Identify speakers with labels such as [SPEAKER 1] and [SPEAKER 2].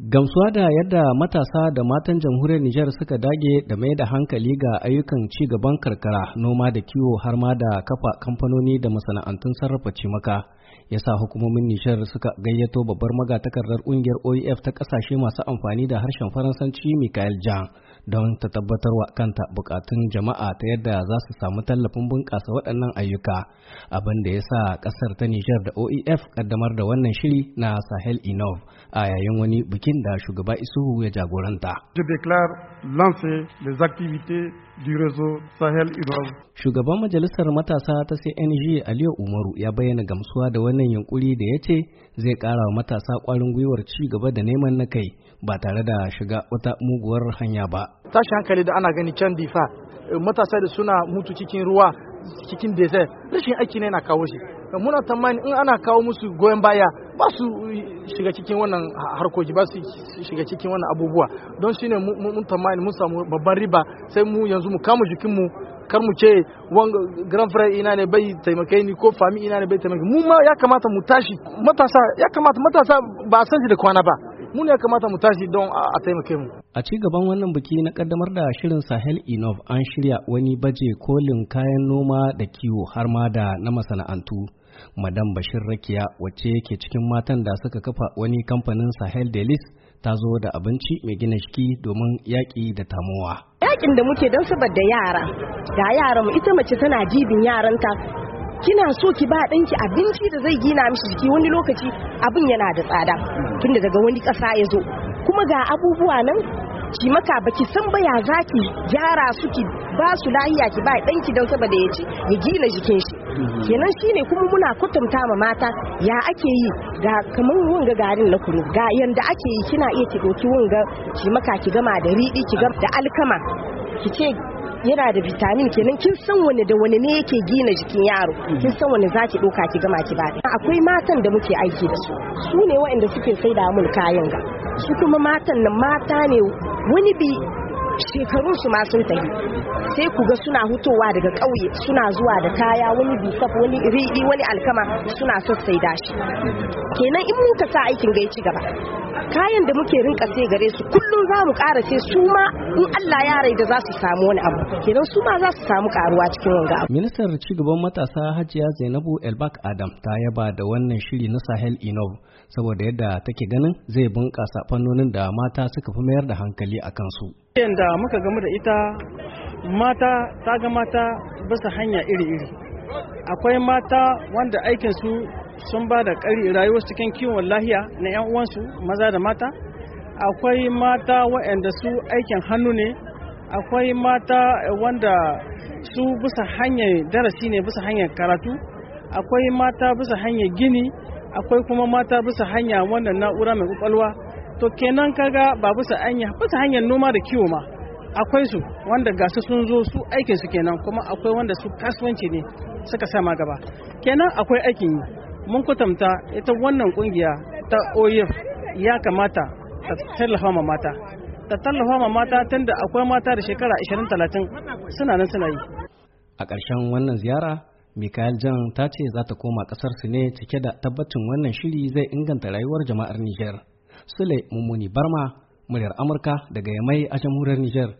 [SPEAKER 1] Gamsuwa da yadda matasa da matan jamhuriyar Nijar suka dage da mai da hankali ga ayyukan ci gaban karkara noma da kiwo har ma da kafa kamfanoni da masana'antun sarrafa cimaka ya sa hukumomin Nijar suka gayyato babbar magatakardar ƙungiyar OEF ta ƙasashe masu amfani da harshen Faransanci Michael Jan don ta tabbatar wa kanta bukatun jama'a ta yadda za su samu tallafin bunƙasa waɗannan ayyuka abin da ya sa ƙasar ta Nijar da OEF kaddamar da wannan shiri na Sahel Inov a yayin wani bikin da shugaba Isuhu ya jagoranta.
[SPEAKER 2] Je déclare lancer les activités du réseau Sahel Inov.
[SPEAKER 1] Shugaban majalisar matasa ta CNG Aliyu Umaru ya bayyana gamsuwa da wannan yunkuri da ya ce zai ƙara wa matasa ƙwarin gwiwar ci gaba da neman na kai ba tare da shiga wata muguwar hanya ba
[SPEAKER 2] tashi hankali da ana gani can difa eh, matasa da suna mutu cikin ruwa cikin desert rashin aiki ne na kawo shi muna tamani in ana kawo musu goyon baya ba su eh, shiga cikin wannan harkoki ba su shiga cikin wannan abubuwa don ne mun tamani mun samu babban riba sai mu yanzu mu kama jikinmu kar mu ce grand frère ina ne bai taimakai ni ko fami ina ne bai taimakai mu ma ya kamata mu tashi matasa ya kamata matasa ba san shi da kwana ba mu ne kamata mu tashi don a taimake mu
[SPEAKER 1] a ci gaban wannan biki na kaddamar da shirin sahel inov an shirya wani baje kolin kayan noma da kiwo har ma da na masana'antu madam bashir rakiya wacce yake cikin matan da suka kafa wani kamfanin sahel delis ta zo da abinci mai gina shiki domin yaƙi da tamowa
[SPEAKER 3] yakin da muke don saboda yara ga yaran ita mace tana jibin yaranta kina so ki ba ɗanki abinci da zai gina mishi jiki wani lokaci abin yana da tsada tunda daga wani ƙasa ya zo kuma ga abubuwa nan ki maka baki san ba ya zaki gyara su ki ba su lahiya ki ba ɗanki don saboda ya ci ya gina jikin shi kenan shine kuma muna kwatanta ma mata ya ake yi ga kamar wanga garin na kunu ga yanda ake yi kina iya ki doki wanga ki maka ki gama da riɗi ki gama da alkama ki ce yana da vitamin kenan kin san wani da wani ne yake gina jikin yaro kin san wani zaki doka ki gama ki bada akwai matan da muke aiki da su su ne waɗanda suke sai da mun kayan ga su kuma matan nan mata ne wani bi shekarun su ma sun tafi sai ku ga suna hutowa daga ƙauye suna zuwa da kaya wani bisaf wani riɗi wani alkama suna sassaida shi kenan in muka sa aikin gai ci gaba kayan da muke rinka sai gare su kullum za mu ƙara sai su ma in Allah ya rai da za su samu wani abu kenan su ma za su samu karuwa cikin wanga
[SPEAKER 1] abu ci gaban matasa Hajiya Zainabu Elbak Adam ta yaba da wannan shiri na Sahel Inov saboda yadda take ganin zai bunƙasa fannonin da mata suka fi mayar da hankali a kansu
[SPEAKER 4] yanda muka gamu da ita mata ta ga mata bisa hanya iri-iri akwai mata wanda aikinsu sun ba da ƙari rayuwar cikin kiwon lahiya na 'yan uwansu maza da mata akwai mata waɗanda su aikin hannu ne akwai mata wanda su bisa hanyar darasi ne bisa hanyar karatu akwai mata bisa hanyar gini akwai kuma mata bisa hanya wannan na'ura mai kwakwalwa to kenan kaga ba bisa hanya bisa hanyar noma da kiwo ma akwai su wanda gasu sun zo su aikin su kenan kuma akwai wanda su kasuwanci ne suka sama gaba kenan akwai aikin yi mun kwatanta ita wannan kungiya ta oif e ya kamata ta tallafa ma mata ta tallafa ma mata tunda akwai mata da shekara 20-30 suna nan suna yi
[SPEAKER 1] a ƙarshen wannan ziyara Mikael Jan ta ce za ta koma ƙasar su ne cike da tabbacin wannan shiri zai inganta rayuwar jama'ar Nijar. Sule Mummuni Barma, muryar Amurka daga Yamai a jamhuriyar Nijar.